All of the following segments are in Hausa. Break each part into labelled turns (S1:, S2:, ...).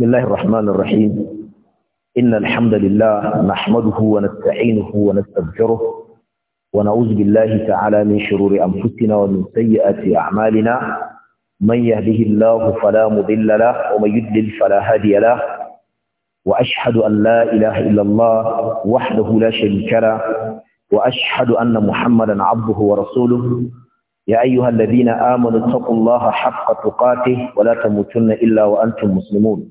S1: بسم الله الرحمن الرحيم إن الحمد لله نحمده ونستعينه ونستغفره ونعوذ بالله تعالى من شرور أنفسنا ومن سيئات أعمالنا من يهده الله فلا مضل له ومن يضلل فلا هادي له وأشهد أن لا إله إلا الله وحده لا شريك له وأشهد أن محمدا عبده ورسوله يا أيها الذين آمنوا اتقوا الله حق تقاته ولا تموتن إلا وأنتم مسلمون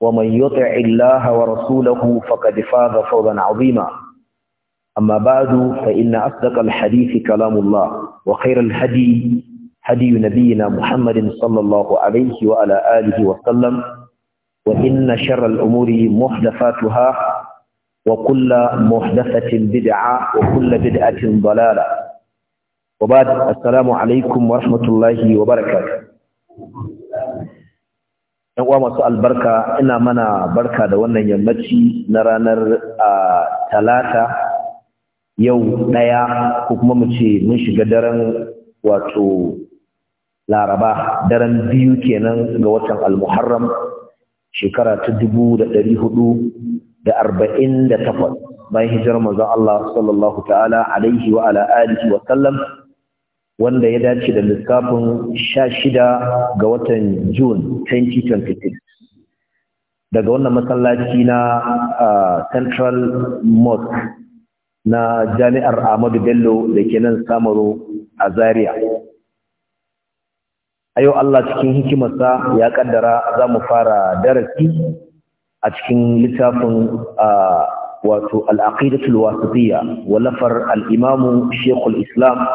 S1: ومن يطع الله ورسوله فقد فاز فوزا عظيما أما بعد فإن أصدق الحديث كلام الله وخير الهدي هدي نبينا محمد صلى الله عليه وعلى آله وسلم وإن شر الأمور محدثاتها وكل محدثة بدعة وكل بدعة ضلالة وبعد السلام عليكم ورحمة الله وبركاته yan uwa masu albarka ina mana barka da wannan yammaci na ranar talata yau ɗaya ko kuma mu ce mun shiga daren wato laraba daren biyu kenan ga watan almuharram shekara ta dubu da ɗari hudu da arba'in da takwas bayan hijirar manzon Allah sallallahu ta'ala alaihi wa ala alihi wa sallam wanda ya dace da lissafin sha shida ga watan jun 2026 daga wannan masallaci na Central Mosque na Jami'ar Ahmadu Bello da ke nan Samaro a Zaria. A yau Allah cikin hikimarsa ya kaddara za mu fara darasi a cikin littafin wato al'aqidatul wasitiyya wallafar al-Imam Sheikhul Islam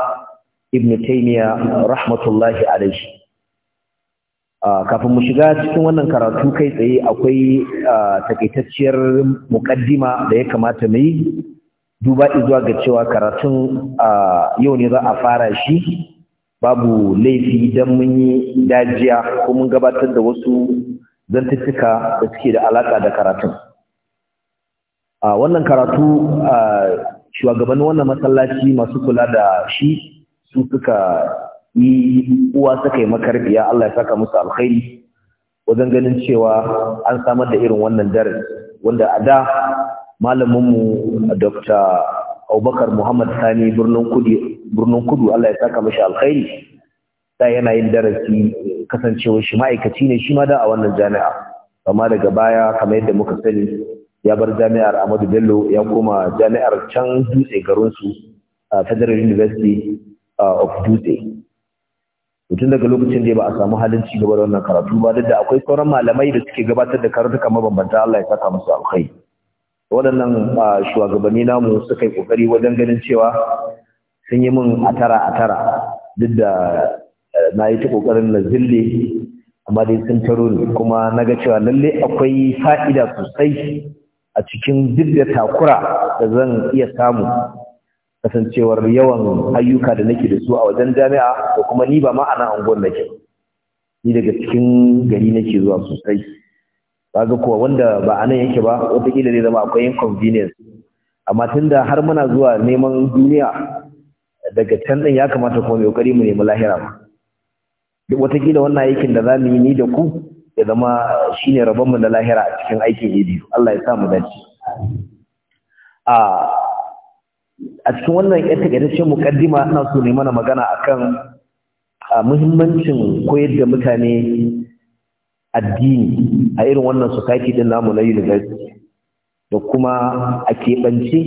S1: ibn taymiya rahmatullahi alaihi kafin mu shiga cikin wannan karatu kai tsaye akwai takaitacciyar mukaddima da ya kamata mu yi duba zuwa ga cewa karatun yau ne za a fara shi babu laifi idan mun yi dajiya ko mun gabatar da wasu zantuttuka da suke da alaka da karatun wannan karatu shugabannin wannan masallaci masu kula da shi su suka yi uwa suka yi makarfiya Allah ya saka musu alkhairi wajen ganin cewa an samar da irin wannan darasi wanda a da malaminmu Dr. Abubakar Muhammad Sani birnin kudu Allah ya saka mashi alkhairi da yana yin darasi kasancewa shi ma'aikaci ne shi ma da a wannan jami'a amma daga baya kamar yadda muka sani ya bar jami'ar Ahmadu Bello ya koma jami'ar can dutse garinsu a Federal University Uh, of dutse mutum daga lokacin da ba a samu halin ci gaba da wannan karatu ba duk da akwai sauran malamai da suke gabatar da karatuka mabambanta Allah ya saka musu alkhairi waɗannan uh, shugabanni namu suka yi kokari wajen ganin cewa sun yi min atara atara duk da uh, na yi ta kokarin na zille amma dai sun taro ne kuma na ga cewa lalle akwai fa'ida sosai a cikin duk da takura da zan iya samu kasancewar yawan ayyuka da nake da su a wajen jami'a ko kuma ni ba ma ana angon nake ni daga cikin gari nake zuwa sosai kaga kuwa wanda ba nan yake ba wataƙila zai zama akwai inconvenience amma tunda har muna zuwa neman duniya daga can din ya kamata kuma mai kokari mu nemi lahira ma duk wataƙila wannan aikin da za mu yi ni da ku ya zama shine rabon mu na lahira a cikin aikin idi Allah ya sa mu dace a ah, a cikin wannan ya takaitaccen mukaddima ina so ne mana magana akan muhimmancin koyar da mutane addini a irin wannan society din namu na university da kuma a keɓance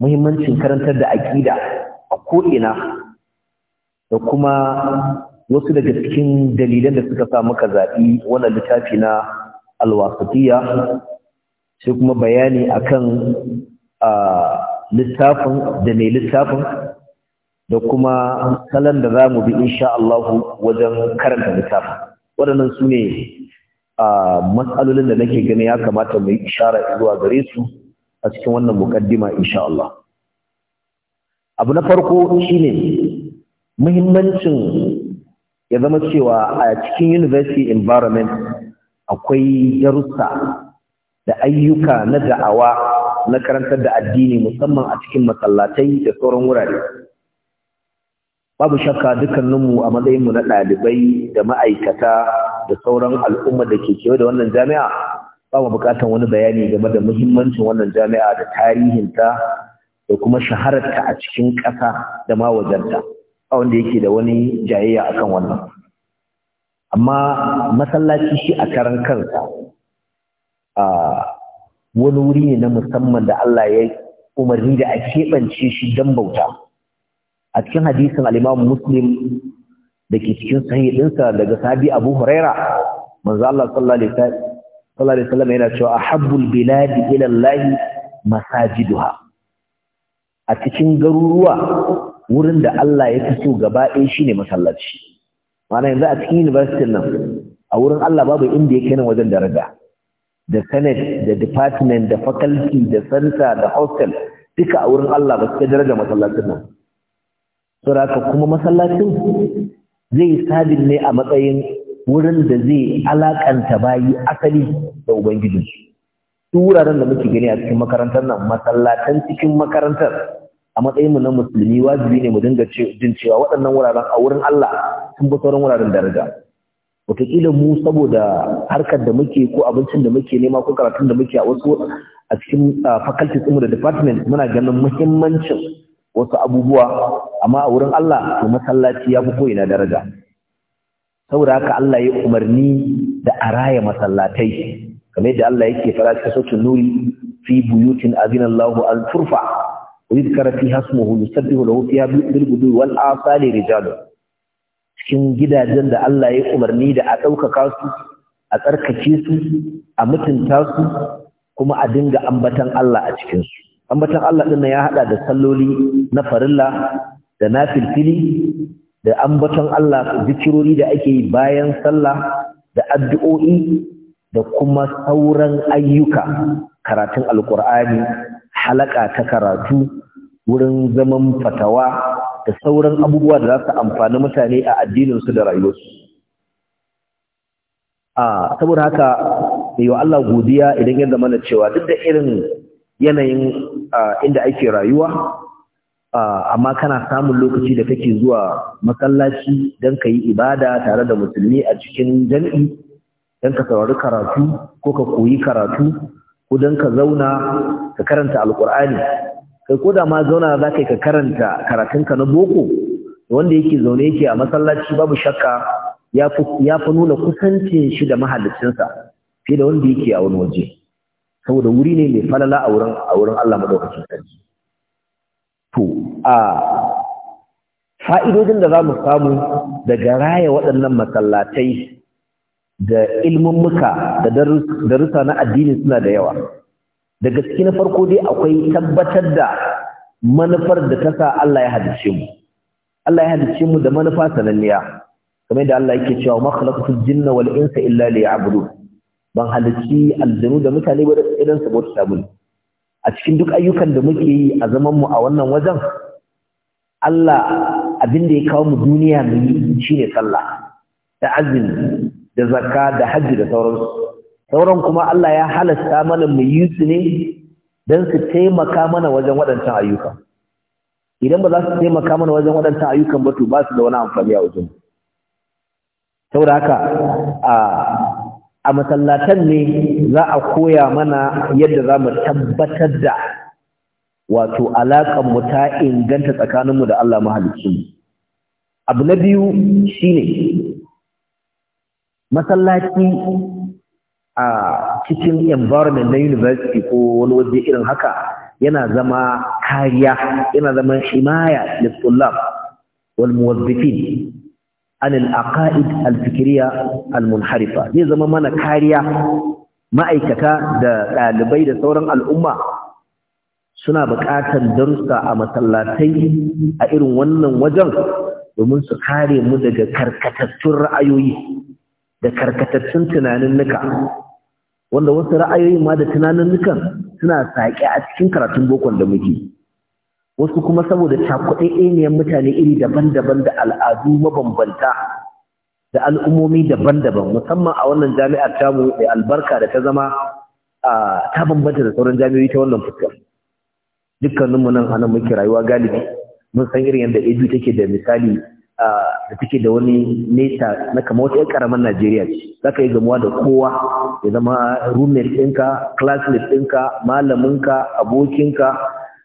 S1: muhimmancin karantar da aƙida a ko'ina da kuma wasu daga cikin dalilan da suka sa muka zaɓi wannan littafi na alwasatiya sai kuma bayani akan littafin da mai littafin da kuma salon da za mu bi insha Allah wajen karanta littafin waɗannan su ne a matsalolin da nake gani ya kamata mu yi ishara zuwa gare su a cikin wannan mukaddima insha Allah abu na farko shine muhimmancin ya zama cewa a cikin university environment akwai darussa da ayyuka na da'awa na karantar da addini musamman a cikin masallatai da sauran wurare babu shakka dukkaninmu a matsayinmu na ɗalibai da ma'aikata da sauran al'umma da ke kewa da wannan jami'a ba mu buƙatar wani bayani game da muhimmancin wannan jami'a da tarihinta da kuma shahararta a cikin ƙasa da ma wajenta ba wanda yake da wani jayayya kan wannan amma masallaci shi a karan kansa wani wuri ne na musamman da Allah ya umarni da a keɓance shi don bauta a cikin hadisin Alimamin imam Muslim da ke cikin sahi ɗinsa daga sabi Abu Huraira manzo Allah sallallahu alaihi wasallam yana cewa habbul biladi ila masajiduha a cikin garuruwa wurin da Allah ya fi so gaba ɗaya ne masallaci Mana yanzu a cikin university nan a wurin Allah babu inda yake nan wajen daraja da senate da department da faculty da center da hostel duka a wurin Allah ba su kai daraja masallacin nan saboda kuma masallacin zai sabin ne a matsayin wurin da zai alakanta bayi asali da ubangiji duk wuraren da muke gani a cikin makarantar nan Masallacin cikin makarantar a matsayin mu na musulmi wajibi ne mu dinga jin cewa waɗannan wuraren a wurin Allah sun bi sauran wuraren daraja wataƙila mu saboda harkar da muke ko abincin da muke nema ko karatun da muke a wasu a cikin faculty ɗinmu da department muna ganin muhimmancin wasu abubuwa amma a wurin Allah to masallaci ya fi ko'ina daraja saboda haka Allah ya umarni da a raya masallatai kamar yadda Allah yake fara cikin sautin nuri fi buyutin azinallahu an turfa wa yudkara fiha ismuhu yusabbihu lahu fiha bil wal asali rijalun cikin gidajen da Allah ya umarni da a ɗaukaka su a tsarkake su a mutunta su kuma a dinga ambatan Allah a cikinsu ambatan Allah ɗin ya haɗa da salloli na farilla da na filfili da ambatan Allah zikirori da ake yi bayan sallah da addu'o'i da kuma sauran ayyuka karatun Alƙur'ani, halaƙa ta karatu wurin zaman fatawa da sauran abubuwa da za su amfani mutane a addininsu da rayuwarsu a saboda haka yi wa Allah godiya idan ya mana cewa duk da irin yanayin inda ake rayuwa amma kana samun lokaci da kake zuwa masallaci don ka yi ibada tare da musulmi a cikin jam'i don ka saurari karatu ko ka koyi karatu ko don ka zauna ka karanta alkur'ani kai ko da ma zauna za ka yi ka karanta karatunka na boko wanda yake zaune yake a masallaci babu shakka ya fi nuna kusancin shi da mahallicinsa fiye da wanda yake a wani waje saboda wuri ne mai falala a wurin a Allah madaukakin sarki to a fa'idodin da za mu samu daga raya waɗannan masallatai da ilmummuka da darussa na addini suna da yawa da gaske na farko dai akwai tabbatar da manufar da ta sa Allah ya halicce mu Allah ya halicce mu da manufa sananniya kamar da Allah yake cewa ma khalaqtu jinna wal insa illa liya'budun ban halicci aljanu da mutane ba idan su bauta mun a cikin duk ayyukan da muke yi a zaman mu a wannan wajen Allah abin da ya kawo mu duniya mu yi shine sallah da azumi da zakka da hajji da sauransu sauran kuma Allah ya halasta mana mu yi su ne don su taimaka mana wajen waɗancan ayyukan idan ba za su taimaka mana wajen waɗancan ayyukan ba to ba su da wani amfani a wajen saboda haka a a masallatan ne za a koya mana yadda za mu tabbatar da wato alaƙar mu ta inganta tsakaninmu da Allah mahaliccinmu abu na biyu shine masallaci a cikin environment na university ko wani waje irin haka yana zama kariya yana zama himaya da tullab wal muwazzifin an al-aqaid al-fikriya al-munharifa zai zama mana kariya ma'aikata da ɗalibai da sauran al'umma suna buƙatar darussa a masallatai a irin wannan wajen domin su kare mu daga karkatattun ra'ayoyi da karkatattun tunanin nuka wanda wasu ra'ayoyin ma da tunaninnukan suna saƙe a cikin karatun bokon da muke wasu kuma saboda cakuɗaɗɗeniyar mutane iri daban-daban da al'adu mabambanta da al'ummomi daban-daban musamman a wannan jami'ar tamu da albarka da ta zama ta bambanta da sauran jami'o'i ta wannan fuskar dukkaninmu nan hannun muke rayuwa galibi mun san irin yadda edu take da misali da take da wani nesa na kama wata ‘yan karamar Najeriya ce, za ka yi gamuwa da kowa ya zama roommate ɗinka, classmate ɗinka, malaminka, abokinka,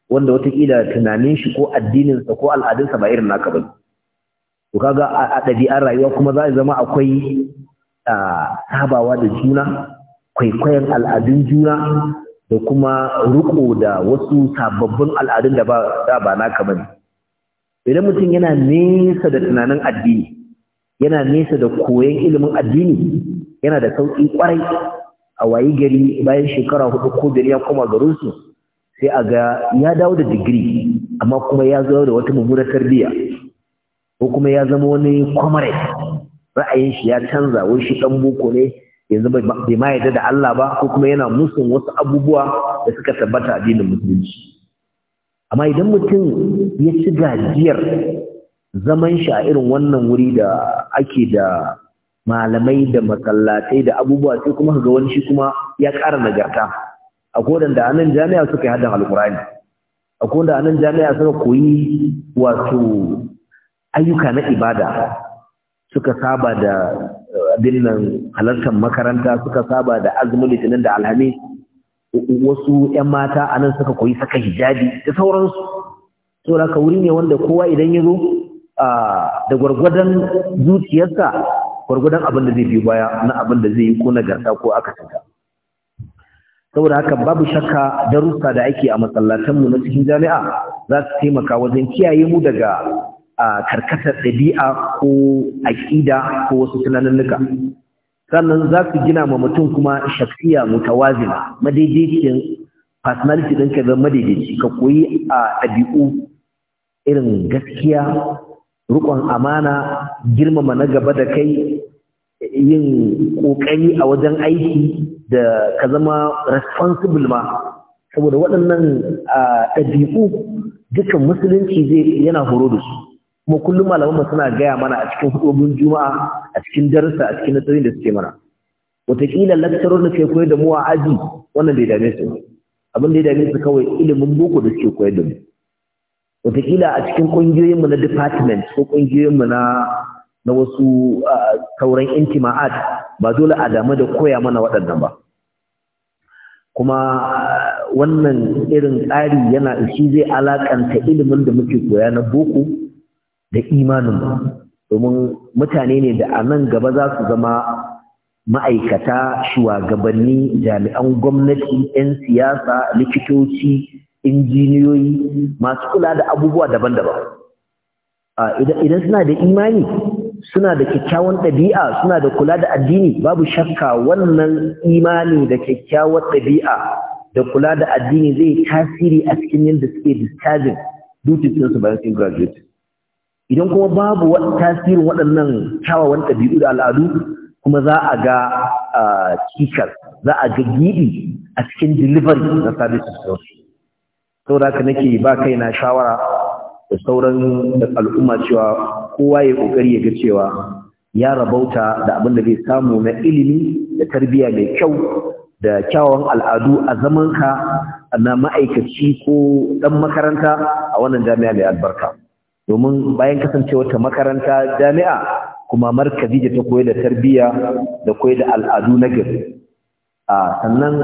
S1: wanda watakila tunanin shi ko addininsa ko al'adunsa ba irin naka ba To kaga a ɗabi'ar rayuwa kuma za a zama akwai sabawa da juna, kwaikwayon al'adun juna, da kuma riko da wasu sababbin al'adun da ba naka ba idan mutum yana nesa da tunanin addini yana nesa da koyon ilimin addini yana da sauƙi ƙwarai, a wayi gari bayan shekara hudu ko biyar ya koma garinsu sai a ga ya dawo da digiri amma kuma ya zo da wata mummunar tarbiyya ko kuma ya zama wani kwamare ra'ayin shi ya canza wai shi dan boko ne yanzu bai ma yarda da Allah ba ko kuma yana musun wasu abubuwa da suka tabbata addinin musulunci amma idan mutum ya ci gajiyar zaman shi a irin wannan wuri da ake da malamai da masallatai da abubuwa sai kuma ga wani shi kuma ya ƙara nagarta a kodan da anan jami'a suka yi haddan alkurani a kodan da anan jami'a suka koyi wato ayyuka na ibada suka saba da eh, abin nan halartar makaranta suka saba da azumin litinin da alhamis wasu 'yan mata a nan suka koyi saka hijabi da sauransu to da wuri ne wanda kowa idan ya zo da gwargwadon zuciyarsa gwargwadon abin da zai biyu baya na abin da zai yi ko na nagarta ko aka saka saboda haka babu shakka darussa da ake a masallatanmu na cikin jami'a za su taimaka wajen kiyaye mu daga karkatar ɗabi'a ko aƙida ko wasu tunaninnuka sannan za su gina ma mutum kuma shafiya mutawazina madaidaicin personality ɗin ka zama madaidaici ka koyi a ɗabi'u irin gaskiya rukon amana girmama na gaba da kai yin ƙoƙari a wajen aiki da ka zama responsible ma saboda waɗannan ɗabi'u dukkan musulunci zai yana horo da su kuma kullum malaman mu suna gaya mana a cikin hudobin juma'a a cikin darussa a cikin nasarin da suke mana wataƙila lakcarar da ke koyar da mu a aji wannan bai dame su abin da ya dame su kawai ilimin boko da suke koyar da mu wataƙila a cikin ƙungiyoyinmu na department ko ƙungiyoyinmu na na wasu sauran intima'at ba dole a damu da koya mana waɗannan ba kuma wannan irin tsari yana shi zai alakanta ilimin da muke koya na boko da imanin ba domin mutane ne da a nan gaba za su zama ma'aikata shugabanni jami'an gwamnati 'yan siyasa likitoci injiniyoyi masu kula da abubuwa daban-daban idan suna da imani suna da kyakkyawan ɗabi'a suna da kula da addini babu shakka wannan imani da kyakkyawan ɗabi'a da kula da addini zai tasiri a cikin yadda suke discharging duty bayan sun graduate idan kuma babu tasirin waɗannan kyawawan ɗabi'u da al'adu kuma za a ga cikar za a ga giɗi a cikin delivery na services ɗinsu da haka nake ba kai na shawara da sauran al'umma cewa kowa ya ƙoƙari ya ga cewa ya rabauta da abin da zai samu na ilimi da tarbiyya mai kyau da kyawawan al'adu a zamanka na ma'aikaci ko ɗan makaranta a wannan jami'a mai albarka. domin bayan kasancewa ta makaranta jami'a kuma markazi da ta koyar da tarbiyya da koyar da al'adu na gari a sannan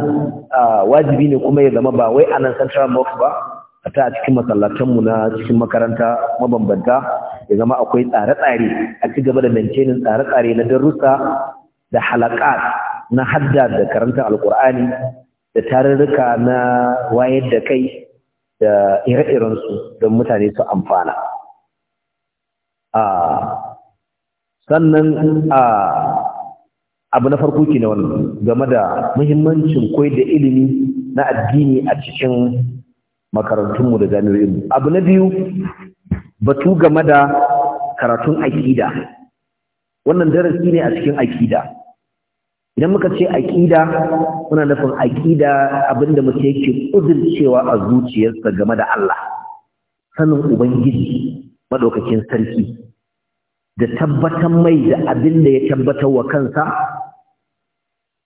S1: wajibi ne kuma ya zama ba wai a nan central mosque ba a ta cikin masallatanmu na cikin makaranta mabambanta ya zama akwai tsare-tsare a ci gaba da maintaining tsare-tsare na darussa da halaƙa na hadda da karanta alkur'ani da tarurruka na wayar da kai da ire-irensu don mutane su amfana. sannan abu na farko ke na wannan game da muhimmancin koyar da ilimi na addini a cikin makarantunmu da jami'o'inmu abu na biyu batu game da karatun aƙida wannan darasi ne a cikin aƙida idan muka ce aƙida muna nufin aƙida abinda mutum yake ƙudurcewa a zuciyarsa game da Allah sanin ubangiji madaukakin sarki da tabbatar mai da abin da ya tabbatar wa kansa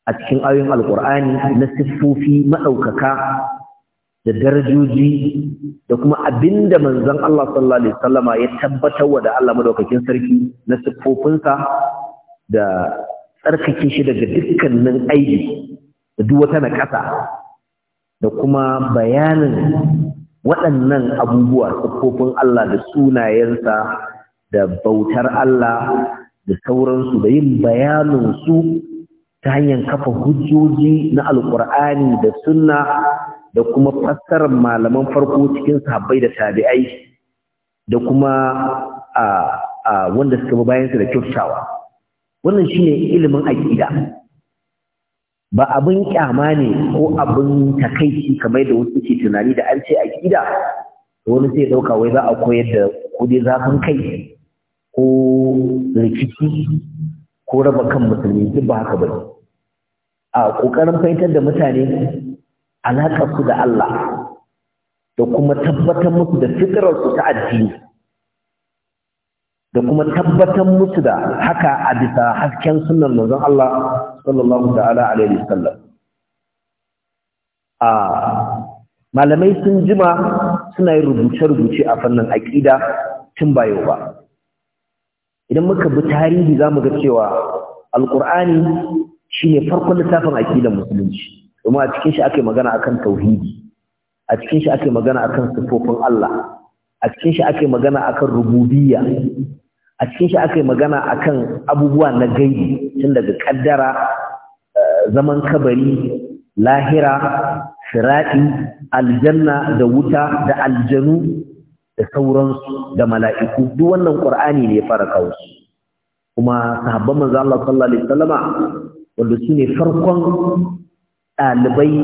S1: a cikin ayoyin alkur'ani na siffofi maɗaukaka da darajoji da kuma abin da manzon Allah sallallahu alaihi wasallama ya tabbatar wa da Allah madaukakin sarki na siffofinsa da tsarkake shi daga dukkanin aibi da duk wata naƙasa da kuma bayanin waɗannan abubuwa siffofin Allah da sunayensa da bautar Allah da sauransu da yin bayanin su ta hanyar kafa hujjoji na alkur'ani da sunna da kuma fassarar malaman farko cikin sahabbai da tabi'ai da kuma a wanda suka bi bayansu da kyautawa wannan shine ilimin aƙida ba abin kyama ne ko abin takaici kamar da wasu ke tunani da an ce aqida wani sai ɗauka wai za a koyar da kudi zafin kai ko rikici ko raba kan musulmi duk ba haka bane a kokarin fahimtar da mutane alaka su da Allah da kuma tabbatar musu da fitrar su ta addini da kuma tabbatar musu da haka a bisa hasken sunan manzon Allah sallallahu ta'ala alaihi wasallam a malamai sun jima suna yin rubuce-rubuce a fannin aƙida tun ba yau ba idan muka bi tarihi za mu ga cewa Alkur'ani shi ne farkon littafin aƙidar musulunci kuma a cikin shi ake magana akan tauhidi a cikin shi ake magana akan sifofin Allah a cikin shi ake magana akan rububiyya a cikin shi ake magana akan abubuwa na gaibi tun daga kaddara eh, zaman kabari lahira sirati aljanna da wuta da aljanu da sauransu da mala'iku duk wannan qur'ani ne ya fara kawo su kuma sahabban manzo Allah sallallahu alaihi wasallama wanda su ne farkon ɗalibai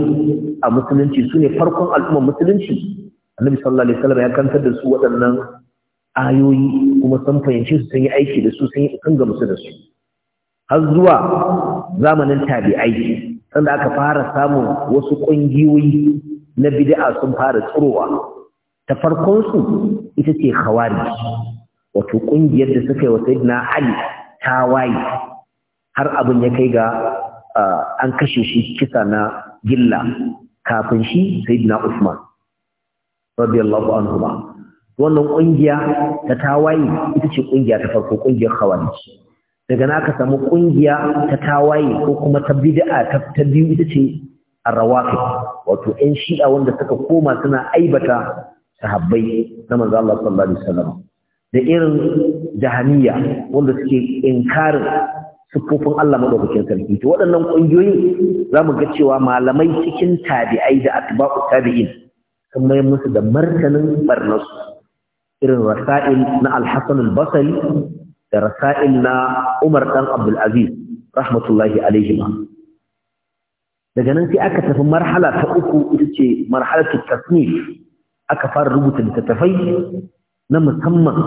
S1: a musulunci su ne farkon al'ummar musulunci annabi sallallahu alaihi wasallama ya kantar da su waɗannan ayoyi kuma sun fahimci su sun yi aiki da su sun yi sun musu da su har zuwa zamanin tabi'ai sanda aka fara samun wasu ƙungiyoyi na bid'a sun fara tsirowa ta farkon su ita ce khawari wato kungiyar da suka yi wa sayyidina ali waye har abin ya kai ga an kashe shi kisa na gilla kafin shi sayyidina usman radiyallahu anhu wannan kungiya ta tawaye ita ce kungiya ta farko kungiyar khawari daga na aka samu kungiya ta tawaye ko kuma ta bid'a ta ta biyu ita ce arrawafi wato ƴan shi'a wanda suka koma suna aibata sahabbai na manzo Allah sallallahu alaihi wasallam da irin jahaniya wanda suke inkarin sufofin Allah madaukakin sarki to waɗannan kungiyoyi zamu ga cewa malamai cikin tabi'ai da atba'u tabi'in sun mai musu da martanin barnasu irin rasail na al-Hasan al-Basri da rasail na Umar dan Abdul Aziz rahmatullahi alaihima daga nan sai aka tafi marhala ta uku ita ce marhalatu tasnif aka fara rubuta littattafai na musamman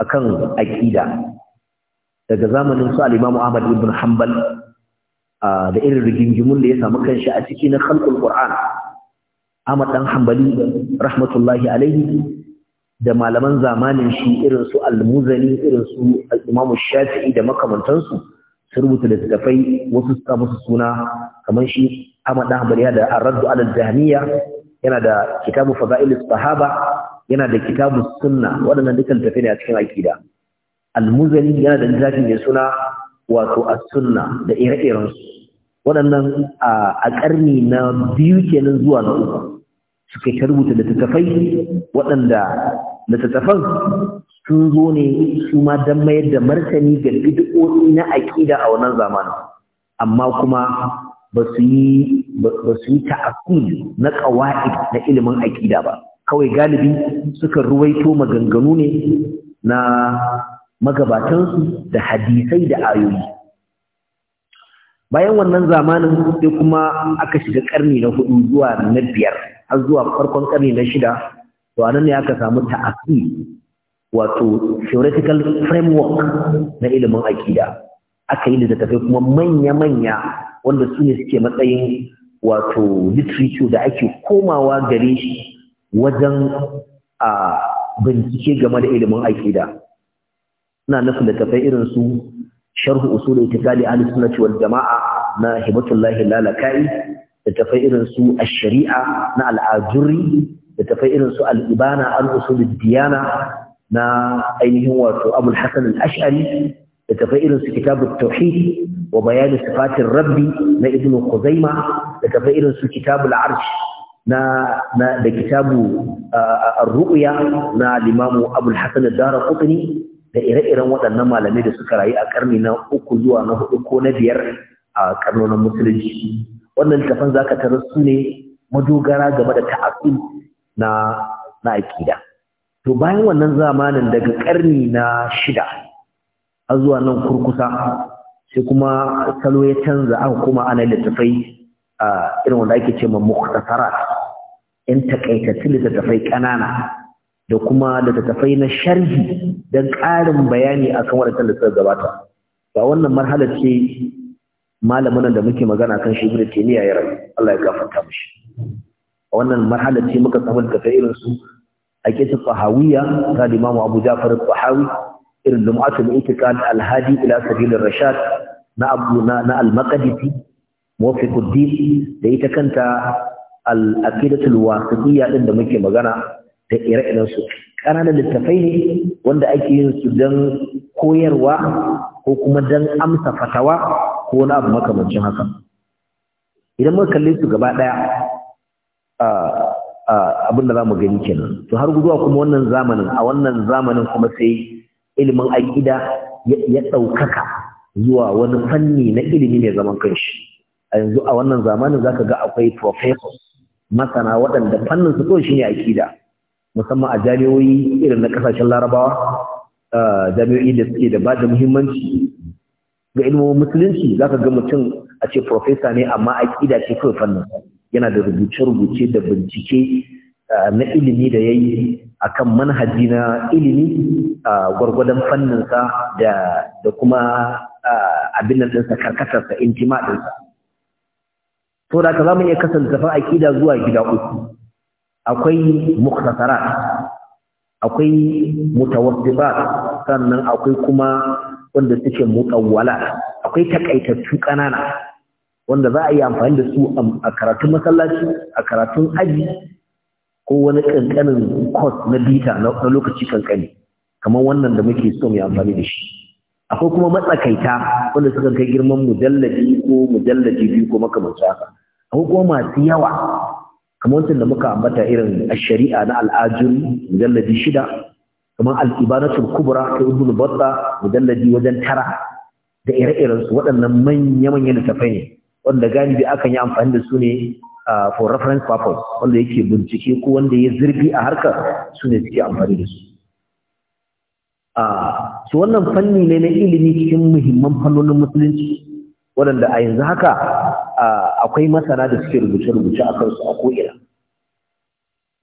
S1: akan aƙida daga zamanin su al-Imam Ahmad ibn Hanbal da irin rigingimun da ya samu kanshi a ciki na khalqul Qur'an Ahmad dan Hanbali rahmatullahi alaihi da malaman zamanin shi irin su al-Muzani irin su al-Imam Shafi'i da makamantansu su rubuta littattafai wasu su musu suna kamar shi Ahmad dan Hanbali da Ar-Radd al-Jahmiyya yana da kitabu fada'ilis sahaba yana da kitabu sunna waɗannan dukkan tafi ne a cikin aƙida almuzani yana da littafin mai suna wato as-sunna da ire-iren su waɗannan a karni na biyu kenan zuwa na uku suka ta rubuta wadanda waɗanda littattafan sun zo ne su ma don mayar da martani ga bid'o'i na aƙida a wannan zamanin amma kuma ba su yi ta'akul na ƙawa'id na ilimin aƙida ba kawai galibi suka ruwaito maganganu ne na magabatansu da hadisai da ayoyi bayan wannan zamanin sai kuma aka shiga ƙarni na hudu zuwa na biyar har zuwa farkon ƙarni na shida to anan ne aka samu ta'akul wato theoretical framework na ilimin aƙida aka yi littattafai kuma manya-manya wanda su ne suke matsayin wato literature da ake komawa gare shi wajen a bincike game da ilimin aƙida ina nufin da tafai irin su sharhu usul itikadi ahli sunnati wal jamaa na Himatullahi lalakai da tafai irin su ash-shari'a na al-ajuri da tafai irin su al-ibana al-usul diyana na ainihin wato abul hasan al-ash'ari da tafai irin su kitabut tauhid wa bayani sifatin rabbi na ibnu kuzaima daga tafi irin su kitabul arsh na na da kitabu ar-ru'ya na limamu abul hasan ad-darqutni da ire-iren waɗannan malamai da suka rayu a karni na uku zuwa na hudu ko na biyar a karnonin musulunci wannan tafan zaka tarar su ne madogara game da ta'assul na na aqida to bayan wannan zamanin daga karni na shida har zuwa nan kurkusa sai kuma salo ya canza aka kuma ana littafai a irin wanda ake ce ma muktasara yan takaitattun littattafai ƙanana da kuma littattafai na sharhi don ƙarin bayani akan waɗannan littattafai gabata ba wannan marhalar ce malamin da muke magana kan shi ibnu taymiya ya rayu Allah ya gafarta mishi a wannan marhalar ce muka samu littattafai irin su a kitab fahawiya ta imamu Abu Ja'far irin lum'atul itiqan alhadi ila sabilin rashad na abu na na al-maqdisi da ita kanta al-aqidatul wasitiyya din da muke magana da ire-iren su ƙananan littafai ne wanda ake yin su don koyarwa ko kuma don amsa fatawa ko na abu makamancin haka idan muka kalle su gaba ɗaya abin da za mu gani kenan to har guduwa kuma wannan zamanin a wannan zamanin kuma sai ilimin aƙida ya ɗaukaka zuwa wani fanni na ilimi mai zaman kanshi a yanzu a wannan zamanin zaka ga akwai professors masana waɗanda fannin su kawai shine aƙida musamman a jami'o'i irin na ƙasashen larabawa jami'o'i da suke da ba da muhimmanci ga ilimin musulunci zaka ga mutum a ce professor ne amma aƙida ce kawai fannin yana da rubuce-rubuce da bincike na ilimi da ya yi akan manhaji na ilimi gwargwadon fanninsa da kuma abin nan ɗinsa karkatarsa intima ɗinsa to da ka za mu iya kasance fa aƙida zuwa gida uku akwai muktasarat akwai mutawassiba sannan akwai kuma wanda suke mutawwala akwai takaitattu ƙanana wanda za a yi amfani da su a karatun masallaci a karatun aji ko wani ƙanƙanin kot na bita na lokaci ƙanƙani kamar wannan da muke so mu amfani da shi akwai kuma matsakaita wanda suka kai girman mujallabi ko mujallabi biyu ko makamancin haka akwai kuma masu yawa kamar wancan da muka ambata irin shari'a na al'ajuri mujallabi shida kamar al'ibanatul kubra ta ibn batta mujallabi wajen tara da ire-iren su waɗannan manya-manya littafai ne wanda galibi akan yi amfani da su ne for reference purpose wanda yake bincike ko wanda ya zurfi a harkar su ne suke amfani da su su wannan fanni ne na ilimi cikin muhimman fannonin musulunci waɗanda a yanzu haka akwai masana da suke rubuce-rubuce a kansu a ko'ina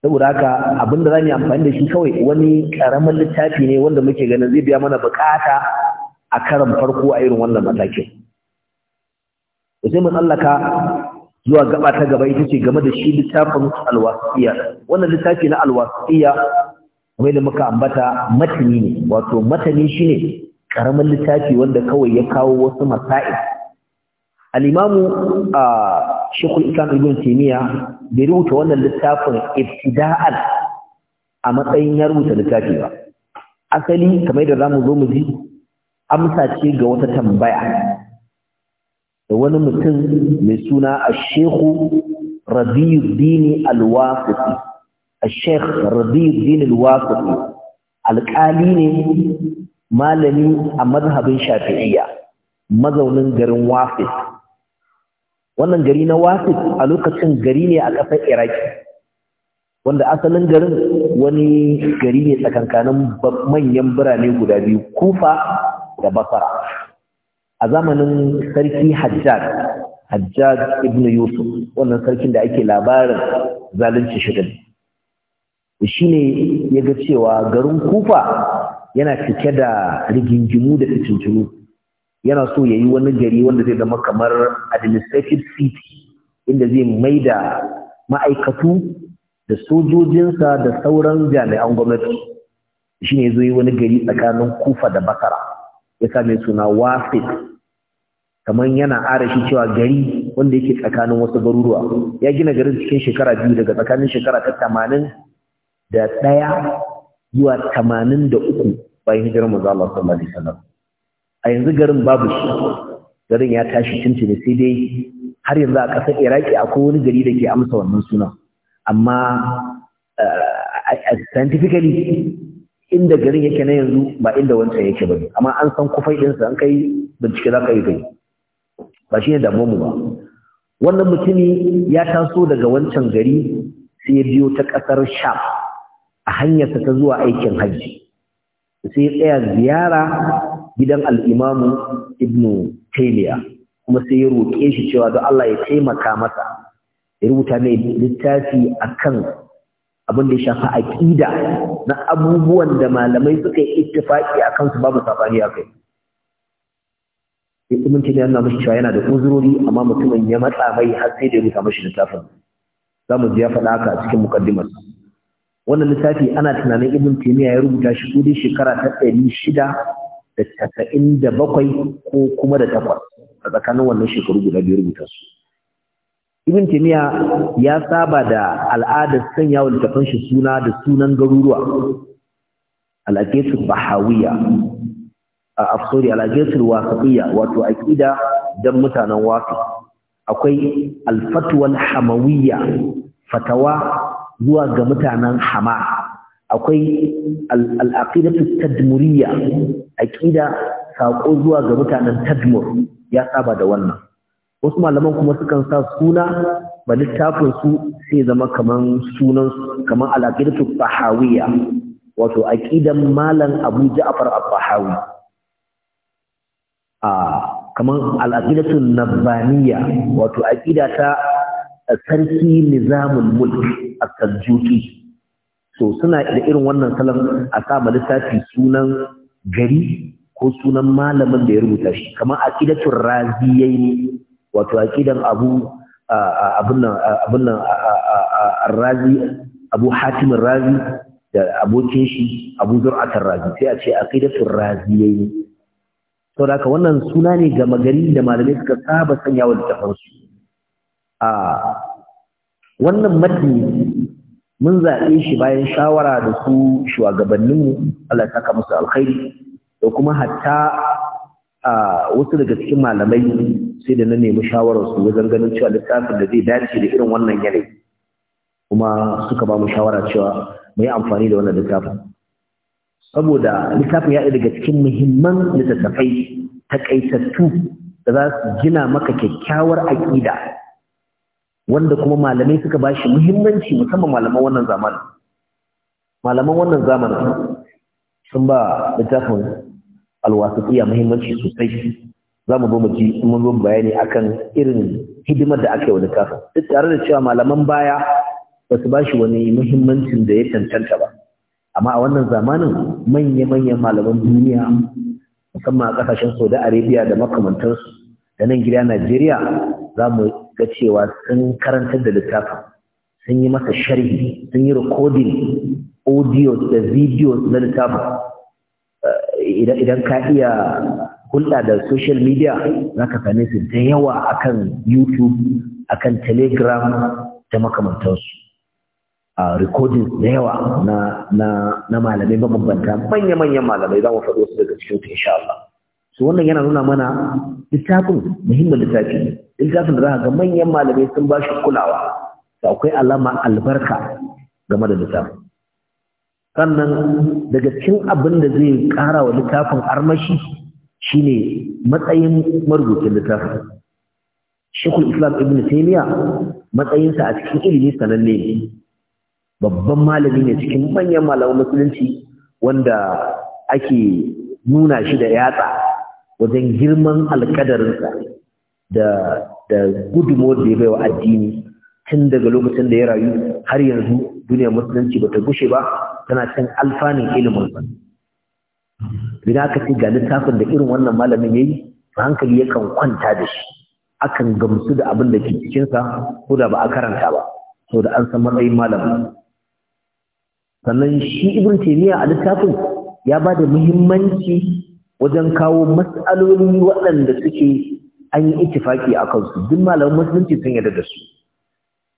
S1: saboda haka abinda za mu yi amfani da shi kawai wani ƙaramin littafi ne wanda muke ganin zai biya mana bukata a karan farko a irin wannan matakin sai mu tsallaka zuwa gaba ta gaba ita ce game da shi littafin alwasiya wannan littafi na alwasiya kamar da muka ambata matani ne wato matani shine karamin littafi wanda kawai ya kawo wasu masail al-imamu shekul islam ibn taymiya bai rubuta wannan littafin ibtida'an a matsayin ya rubuta littafi ba asali kamar da zamu zo mu ji amsa ce ga wata tambaya da wani mutum mai suna a ashehu rabiyuddini shehu ashekh rabiyuddini Alwafi alƙali ne malami a mazhabin shafi'iyya mazaunin garin wafis wannan gari na wafis a lokacin gari ne a ƙasar iraki wanda asalin garin wani gari ne tsakankanin manyan birane guda biyu kufa da basara a zamanin sarki hajjad hajjad ibn yusuf wannan sarkin da ake labarin zalunci shirin shi ne ya ga cewa garin kufa yana cike da rigingimu da fitintunu yana so ya yi wani gari wanda zai zama kamar administrative city inda zai mai da ma'aikatu da sojojinsa da sauran jami'an gwamnati shi ne zai yi wani gari tsakanin kufa da basara ya same suna wafit kamar yana ara shi cewa gari wanda yake tsakanin wasu garuruwa ya gina garin cikin shekara biyu daga tsakanin shekara ta tamanin da ɗaya zuwa tamanin da uku bayan hijirar manzo Allah da a yanzu garin babu shi garin ya tashi tuntuni sai dai har yanzu a ƙasar Iraki akwai wani gari da ke amsa wannan suna amma eh, scientifically inda garin yake na yanzu ba inda wancan yake ba amma an san kufai ɗinsa an kai bincike za ka yi gani ba shi ne damuwar mu ba wannan mutumi ya taso daga wancan gari sai ya biyo ta ƙasar sham a hanyarsa ta zuwa aikin hajji sai ya tsaya ziyara gidan al'imamu ibnu taimiya kuma sai ya roƙe shi cewa don Allah ya taimaka masa ya rubuta mai littafi akan abin da ya shafa aƙida na abubuwan da malamai suka yi ittifaƙi a kansu babu safari a kai ibn taymiya yana mishi cewa yana da uzurori amma mutumin ya matsa mai har sai da ya rubuta mishi littafin zamu ji ya faɗa haka a cikin mukaddimar wannan littafi ana tunanin ibn taymiya ya rubuta shi kudin shekara ta ɗari shida da casa'in da bakwai ko kuma da takwas a tsakanin wannan shekaru guda biyu rubuta su ibn ya saba da al'adar sanya wa littafin shi suna da sunan garuruwa al'aqatu bahawiya a afsori alajesul wasatiyya wato aqida dan mutanen wasu akwai alfatwal hamawiyya fatawa zuwa ga mutanen hama akwai al'aqidatu tadmuriyya aqida sako zuwa ga mutanen tadmur ya saba da wannan wasu malaman kuma sukan sa suna ba littafin su sai zama kaman sunan kaman al'aqidatu fahawiyya wato aqidan malam Abu Ja'far al-Fahawi kamar al'aqidatun nabbaniya wato aƙida ta sarki nizamun mulki a tajuti so suna da irin wannan salon a sama lissafi sunan gari ko sunan malamin da ya rubuta shi kamar aƙidatun Raziyai ne, wato aƙidan abu abun razi abu hatimin razi da abokin shi abu zur'atar razi sai a ce aƙidatun Raziyai ne. to da wannan suna ne ga magari da malamai suka saba sanya wa littafansu a wannan mati mun zaɓe shi bayan shawara da su shugabanninmu Allah ya saka musu alkhairi da kuma hatta a wasu daga cikin malamai sai da na nemi su wajen ganin cewa littafin da zai dace da irin wannan yanayi kuma suka ba mu shawara cewa mu yi amfani da wannan littafin saboda littafin ya daga cikin muhimman littattafai takaitattu da za su gina maka kyakkyawar aƙida wanda kuma malamai suka ba shi muhimmanci musamman malaman wannan zamani. malaman wannan zamanin sun ba littafin alwasiƙiya muhimmanci sosai za mu zo ji mun zo bayani akan irin hidimar da aka yi wa littafin duk tare da cewa malaman baya ba su ba shi wani muhimmancin da ya cancanta ba amma a wannan zamanin manya-manyan malaman duniya musamman a ƙasashen saudi arabia da makamantarsu da nan gida najeriya za mu ga cewa sun karantar da littafin sun yi masa sharhi sun yi rikodin audio da video na littafin eh, idan ka iya hulɗa da social media za ka same su da yawa akan youtube akan telegram da makamantarsu rikodin da yawa na malamai mabambanta manya-manyan malamai za mu faɗo su daga cikin insha Allah su wannan yana nuna mana littafin muhimmin littafi littafin da za ga manyan malamai sun ba shi kulawa da akwai alama albarka game da littafin sannan daga cikin abin da zai ƙara wa littafin armashi shine matsayin marubucin littafin shekul islam ibn taymiya matsayinsa a cikin ilimi sananne ne babban malami ne cikin manyan malaman musulunci wanda ake nuna shi da yatsa wajen girman alkadarinsa da da gudumo da ya baiwa addini tun daga lokacin da ya rayu har yanzu duniyar musulunci bata gushe ba tana cin alfanin ilimin sa idan aka ce ga littafin da irin wannan malamin yayi hankali yakan kwanta da shi akan gamsu da abin da ke cikinsa ko da ba a karanta ba saboda an san matsayin malamin sannan shi ibn taymiya a littafin ya ba da muhimmanci wajen kawo matsaloli waɗanda suke an yi ittifaki a kansu duk malaman musulunci sun yarda da su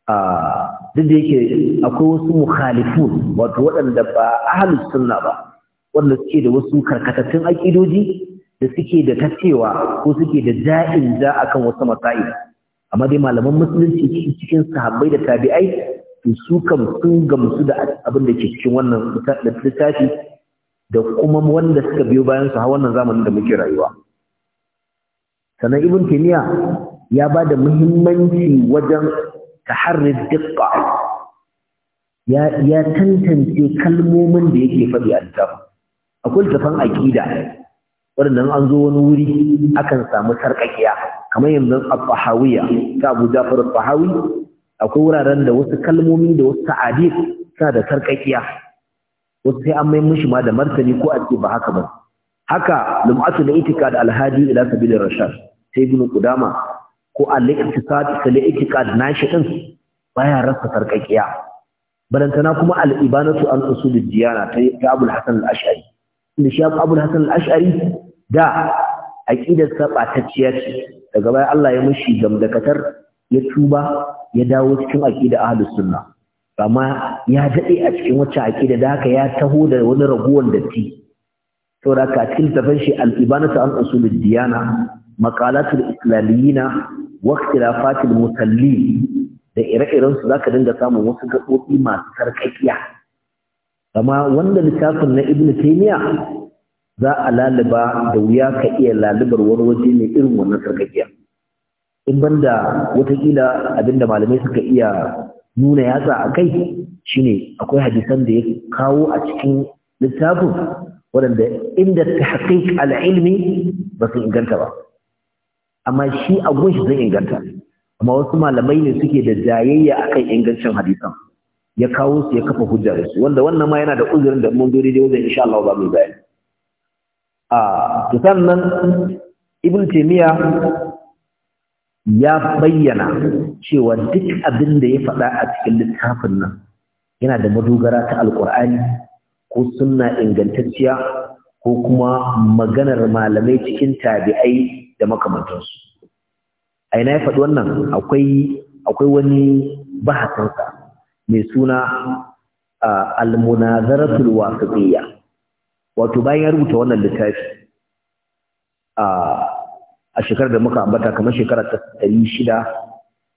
S1: a duk da yake akwai wasu mukhalifun wato waɗanda ba ahlus sunna ba wanda suke da wasu karkatattun aƙidoji da suke da tacewa ko suke da ja'in ja akan wasu masail amma dai malaman musulunci cikin sahabbai da tabi'ai su kan sun gamsu da abin da ke cikin wannan littafi da kuma wanda suka biyo bayan su har wannan zamanin da muke rayuwa sannan ibn taymiya ya ba da muhimmanci wajen taharrir diqqa ya ya tantance kalmomin da yake faɗi a littafin akwai littafin aqida wannan an zo wani wuri akan samu sarkakiya kamar yanzu al-fahawiya ta Abu Ja'far al-Fahawi akwai wuraren da wasu kalmomi da wasu ta'adi sa da sarƙaƙiya wasu sai an mai mishi ma da martani ko a ce ba haka ba haka lum'atu da itikad alhaji ila sabilir rashad sai ibn qudama ko al-iqtisad sai itikad nashi din baya rasa sarƙaƙiya barantana kuma al-ibanatu an usulid diyana ta abul hasan al-ash'ari inda shi abul hasan al-ash'ari da aqidar sa ta ce daga baya Allah ya mishi gamdakatar ya tuba ya dawo cikin aqida ahlus sunna amma ya dade a cikin wacce aqida da haka ya taho da wani raguwan datti saboda ka cikin tafin shi al-ibanatu an usulud diyana maqalatul islamiyina wa ikhtilafatul musallin da ire-iren su zaka dinga samun wasu gabobi masu sarkakiya amma wanda littafin na Ibn taymiya za a laliba da wuya ka iya lalibar wani waje mai irin wannan sarkakiya in banda watakila abinda malamai suka iya nuna yatsa a kai shine akwai hadisan da ya kawo a cikin littafin waɗanda inda ta haƙiƙ al'ilmi ba su inganta ba amma shi a gunshi zai inganta amma wasu malamai ne suke da jayayya a kan ingancin hadisan ya kawo su ya kafa hujja da su wanda wannan ma yana da uzurin da mun dore dai wajen insha Allah ba mu bayani a ah, sannan ibn taymiya ya bayyana cewa duk abin da ya faɗa a cikin littafin nan yana da madogara ta alkur'ani ko sunna ingantacciya ko kuma maganar malamai cikin tabi'ai da makamantansu a ina ya faɗi wannan akwai wani bahasansa mai suna al-munazaratul wato bayan rubuta wannan littafi a shekarar da muka ambata kamar shekara ta ɗari shida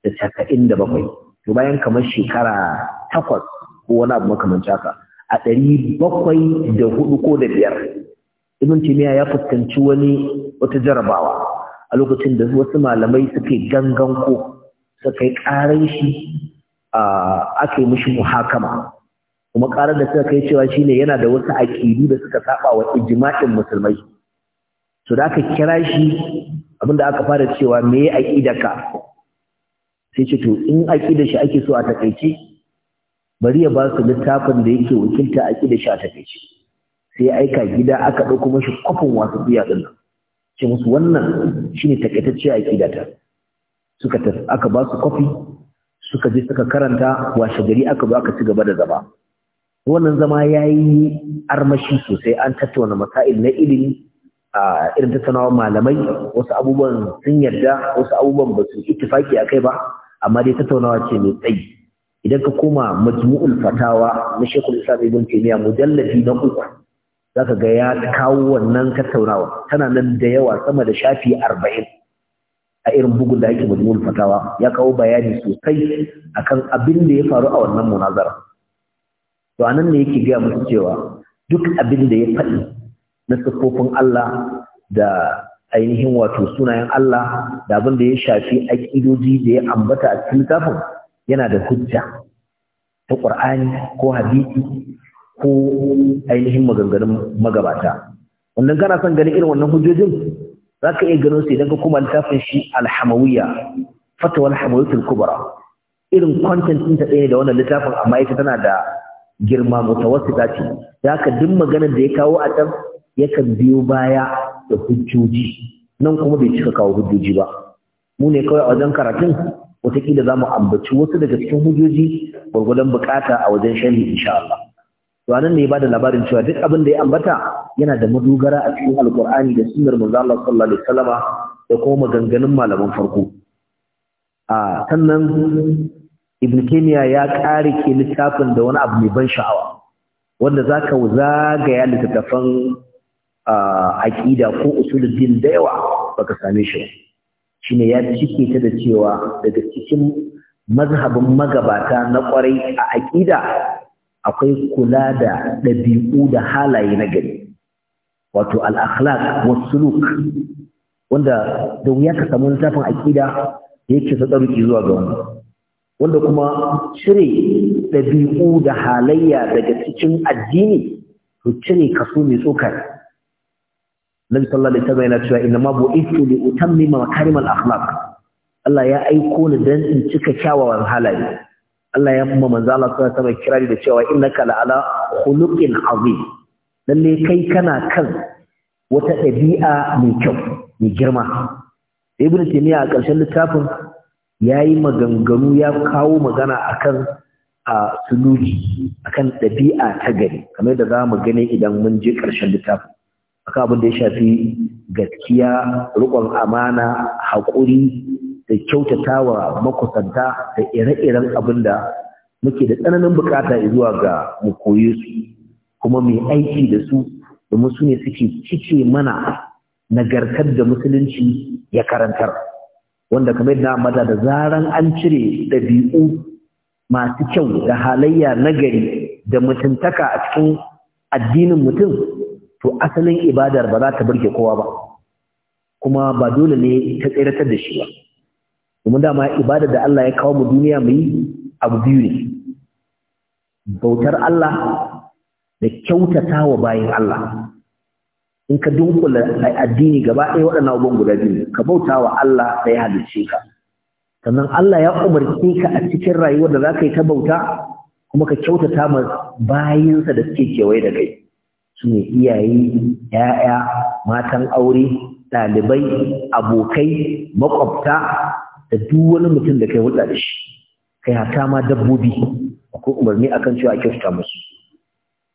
S1: da casa'in da bakwai to bayan kamar shekara takwas ko wani abu makamanci haka a ɗari bakwai da hudu ko da biyar ibn timiya ya fuskanci wani wata jarabawa a lokacin da wasu malamai suke gangan ko suka yi ƙarar shi aka yi mishi muhakama kuma ƙarar da suka kai cewa shine yana da wasu aƙidu da suka saba wa ijma'in musulmai su da aka kira shi abinda aka fara cewa me ya aƙidaka sai ce to in aƙida shi ake so a takaice bari ya ba su littafin da yake wakilta aƙida shi a takaice sai aika gida aka ɗauko mashi kwafin wasu biya ɗin nan ce musu wannan shine takaitacce aƙida ta suka tafi aka ba su kwafi suka je suka karanta washe gari aka ba aka ci gaba da zama wannan zama ya yi armashi sosai an tattauna masail na ilimi a irin tattaunawar malamai wasu abubuwan sun yarda wasu abubuwan ba su ittifaki a kai ba amma dai tattaunawa ce mai tsayi idan ka koma majmu'ul fatawa na shekul islam ibn taymiya mujallafi na uku zaka ga ya kawo wannan tattaunawa tana nan da yawa sama da shafi arba'in a irin bugun da ake majmu'ul fatawa ya kawo bayani sosai akan abin da ya faru a wannan munazara to anan ne yake gaya musu cewa duk abin da ya faɗi na siffofin Allah da ainihin wato sunayen Allah da abin da ya shafi aƙidoji da ya ambata a cikin littafin yana da hujja ta ƙwar'ani, ko hadisi ko ainihin maganganun magabata wannan kana son ganin irin wannan hujjojin Za ka iya ganin su idan ka kuma littafin shi Alhamawiyya, fatawar fatwa al irin kwantan ɗin ta ɗaya da wannan littafin amma ita tana da girma mutawassita ce za ka duk maganar da ya kawo a can yakan biyo baya da hujjoji nan kuma bai cika kawo hujjoji ba mu ne kawai a wajen karatun wataƙila za mu ambaci wasu daga cikin hujjoji gwargwadon bukata a wajen sharhi insha Allah to anan ne ba da labarin cewa duk abin da ya ambata yana da madogara a cikin alkur'ani da sunnar manzo Allah sallallahu alaihi wasallama da kuma maganganun malaman farko a sannan ibn Kimiya ya ƙare ke littafin da wani abu mai ban sha'awa wanda zaka zagaya littattafan aƙida ko usuluddin da yawa baka same shi ba shine ya cike ta da cewa daga cikin mazhabin magabata na ƙwarai a aƙida akwai kula da ɗabi'u da halaye na gari wato al-akhlaq was-suluk wanda da wuya ka samu littafin aƙida yake sa tsaruki zuwa ga wani wanda kuma cire ɗabi'u da halayya daga cikin addini to cire kaso mai tsokar Nabi sallallahu alaihi wasallam yana cewa inna ma bu'istu li utammima makarimal akhlaq Allah ya aiko ni dan in cika kyawawan halaye Allah ya kuma manzo Allah sallallahu alaihi wasallam kirari da cewa innaka ala khuluqin azim lalle kai kana kan wata ɗabi'a mai kyau mai girma Ibn Taymiyyah a ƙarshen littafin yayi maganganu ya kawo magana akan a suluji akan ɗabi'a ta gari kamar da za mu gani idan mun je ƙarshen littafin akan abin da ya shafi gaskiya riƙon amana haƙuri da kyautatawa makusanta da ire-iren abin da muke da tsananin bukata zuwa ga mu koye su kuma mai aiki da su domin su ne suke cike mana nagartar da musulunci ya karantar wanda kamar yadda maza da zaran an cire ɗabi'u masu kyau da halayya nagari da mutuntaka a cikin addinin mutum to asalin ibadar ba za ta burge kowa ba kuma ba dole ne ta tsiratar da shi ba domin dama ibadar da Allah ya kawo mu duniya mu abu biyu ne bautar Allah da kyautata wa bayin Allah in ka dunkula addini gaba ɗaya waɗannan abubuwan guda biyu ka bauta wa Allah da ya halicce ka sannan Allah ya umarci ka a cikin rayuwar da za ka yi ta bauta kuma ka kyautata ma bayansa da suke kewaye da kai su iyaye ‘ya'ya matan aure ɗalibai abokai makwabta da duk wani mutum da kai hulɗa da shi kai hata ma dabbobi ko umarni akan cewa a kyauta musu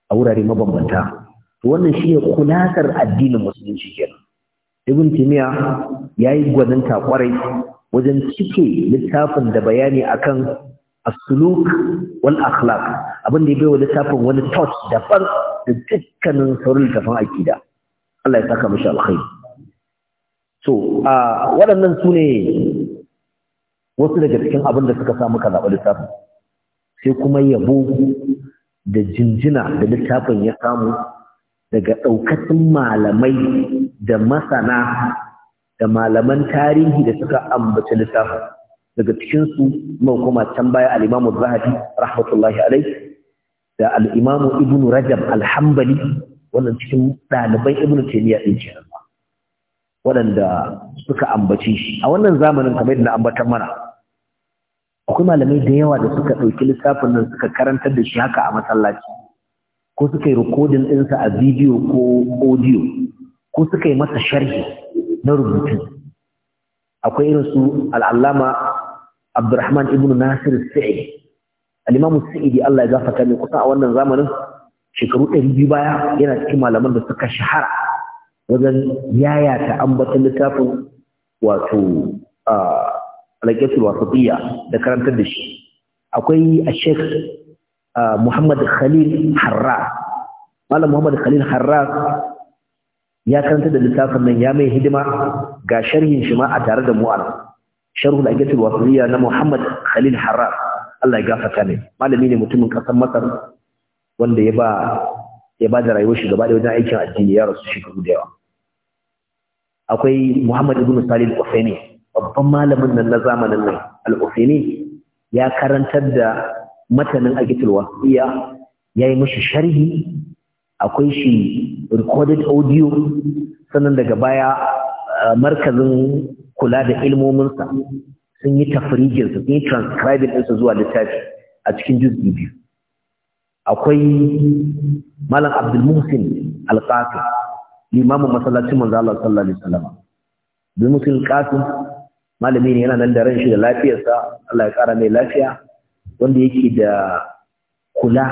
S1: a wurare mabambanta to wannan shi ne kulasar addinin musulunci kenan ibn timiya ya yi gwaninta kwarai wajen cike littafin da bayani akan asuluk wal akhlaq abin da ya baiwa littafin wani touch daban da dukkanin sauran littafin akida Allah ya saka mishi alkhair so a waɗannan sune wasu daga cikin abin da suka samu ka wal littafin sai kuma yabo da jinjina da littafin ya samu daga ɗaukacin malamai da masana da malaman tarihi da suka ambaci littafin daga cikinsu mu kuma can baya al-imamu zahabi rahmatullahi alai da al Ibn ibnu rajab alhambali. hanbali wannan cikin ɗaliban ibnu ta'imiyya din kenan waɗanda suka ambaci shi a wannan zamanin kamar yadda na ambatan mana akwai malamai da yawa da suka ɗauki lissafin nan suka karantar da shi haka a masallaci ko suka yi rikodin ɗinsa a bidiyo ko audio ko suka yi masa sharhi na rubutu akwai irin su al'allama Abdurrahman ibn Nasir Sa'id al-Imam Sa'idi Allah ya gafarta mai kusa a wannan zamanin shekaru 200 baya yana cikin malaman da suka shahara wajen ta ambata littafin wato alaƙatul wasatiyya da karantar da shi akwai a sheikh Muhammad Khalil Harra Malam Muhammad Khalil Harra ya karanta da littafin nan ya mai hidima ga sharhin shi ma a tare da mu a sharhul al wasiliya na Muhammad Khalil harar. Allah ya gafarta ne malami ne mutumin kasar Masar wanda ya ba ya ba da rayuwar shi gaba da wajen aikin addini ya rasu shekaru da yawa akwai Muhammad ibn Salih al qusaini babban malamin nan na zamanin nan al qusaini ya karantar da matanin aqidatul Ya yayi mishi sharhi akwai shi recorded audio sannan daga baya markazin kula da ilmominsa sun yi tafirijinsa sun yi transcribing ɗinsa zuwa littafi a cikin juz'i biyu akwai malam Abdulmuhsin muhsin alƙafi limamin masallacin manzo Allah sallallahu alaihi wasallam abdul muhsin alƙafi malami ne yana nan da ran shi da lafiyarsa Allah ya ƙara mai lafiya wanda yake da kula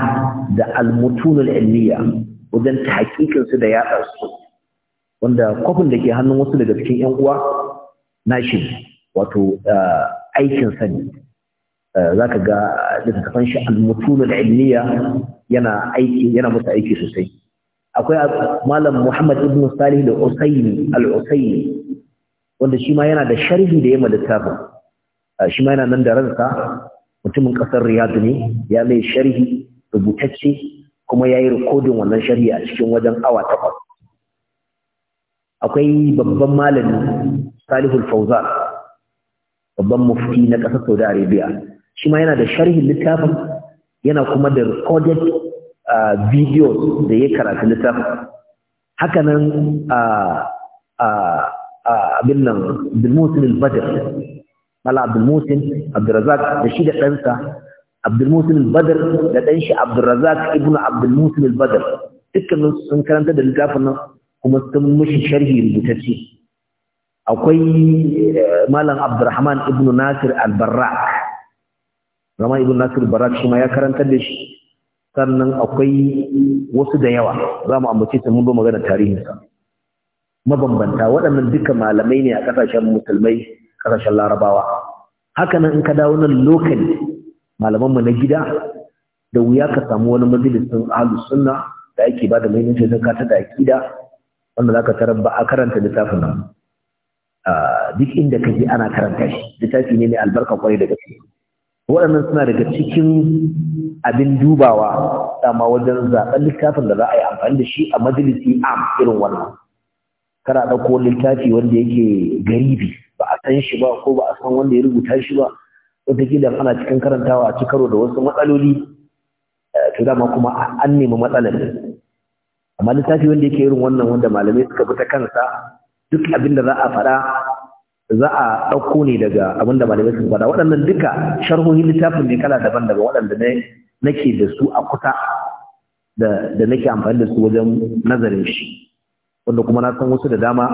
S1: da almutunul ilmiya wajen tahqiqin su da yaɗa su wanda kwafin da ke hannun wasu daga cikin yan uwa nashi wato eh, aikin sani eh, za ka ga littattafan shi al-mutunul yana aiki yana musu aiki sosai akwai malam Muhammad ibn Salih da Usaini al-Usaini wanda shi ma yana da sharhi da yamma littafin eh, shi ma yana nan da ransa mutumin kasar Riyadh ne ya mai sharhi rubutacce kuma yayi rikodin wannan sharhi a cikin wajen awa takwas akwai babban malami salihul fauzan babban mufti na ƙasar saudi arabia shi ma yana da sharhin littafin yana kuma da recorded videos da ya karatu littafin Hakanan nan abin nan abdulmusin al-badr mala abdulmusin abdulrazak da shi da ɗansa abdulmusin al-badr da ɗan shi abdulrazak ibn abdulmusin al-badr dukkanin sun karanta da littafin nan kuma sun mishi sharhi rubutacce akwai eh, malam abdurrahman ibn nasir al-barrak rama ibn nasir al-barrak shi ya karantar da shi sannan akwai wasu da yawa za mu ambace su mun zo magana tarihinsa mabambanta waɗannan duka malamai ne a ƙasashen musulmai ƙasashen larabawa haka nan in ka dawo nan lokali mu na gida da wuya ka samu wani majalisin ahlus sunna da ake ba da muhimmanci don ka da akida wanda zaka tarar ba a karanta littafin nan duk inda ka je ana karanta shi littafi ne mai albarka kwarai da gaske waɗannan suna daga cikin abin dubawa dama wajen zaɓen littafin da za a yi amfani da shi a majalisi a irin wannan kana ɗauko littafi wanda yake garibi ba a san shi ba ko ba a san wanda ya rubuta shi ba wataƙila ana cikin karantawa a ci karo da wasu matsaloli eh, to dama kuma an nemi matsalar amma littafi wanda yake irin wannan wanda malamai suka fita kansa duk abin da za a faɗa za a ɗauko ne daga abin da malamai suka faɗa waɗannan duka sharhohin littafin ne kala daban-daban waɗanda nake da su a kusa da nake amfani da su wajen nazarin shi wanda kuma na san wasu da dama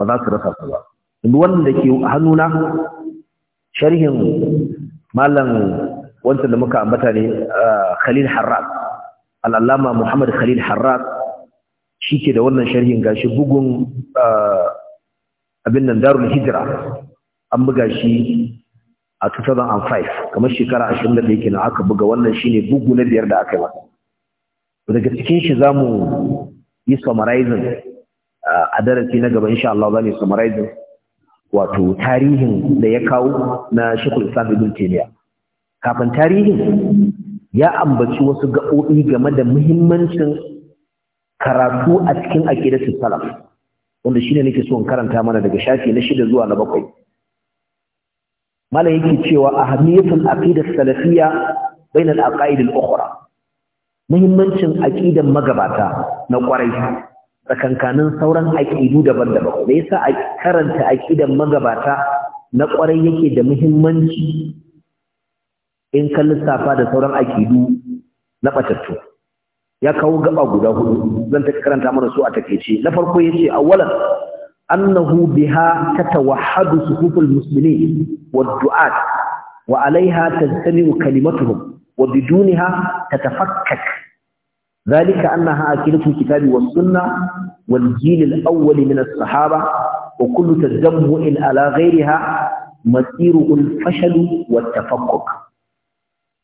S1: ba za su rasa su ba duk wanda ke hannuna sharhin malam wancan da muka ambata ne ah, Khalil Harrat al-Allama Muhammad Khalil Harrat shi ke da wannan sharhin gashi bugun abin nan darul hijira an buga shi a 2005 kamar shekara 21 kenan aka buga wannan shine bugu na biyar da aka yi masa daga cikin shi za mu yi summarizing a darasi na gaba insha Allah mu yi summarizing wato tarihin da ya kawo na shekul Islam Ibn taymiya kafin tarihin ya ambaci wasu gaɓoɓi game da muhimmancin karatu a cikin aqidatu salaf wanda shine nake so in karanta mana daga shafi na shida zuwa na bakwai malam yake cewa ahamiyatul aqidah salafiyya baina al aqaid al ukhra muhimmancin aqidan magabata na kwarai tsakankanin sauran aqidu daban-daban me yasa a karanta aqidan magabata na kwarai yake da muhimmanci in ka lissafa da sauran aqidu na batattu ya kawo gaba guda hudu zan ta karanta mana su a takeice na farko ya yace awwalan annahu biha tatawahhadu suhuful muslimin wad du'at wa alaiha tajtami'u kalimatuhum wa bidunha tatafakkak dhalika annaha akilatu kitabi was sunnah wal jil al awwal min as sahaba wa kullu tajammu'in ala ghayriha masiru al fashal wat tafakkuk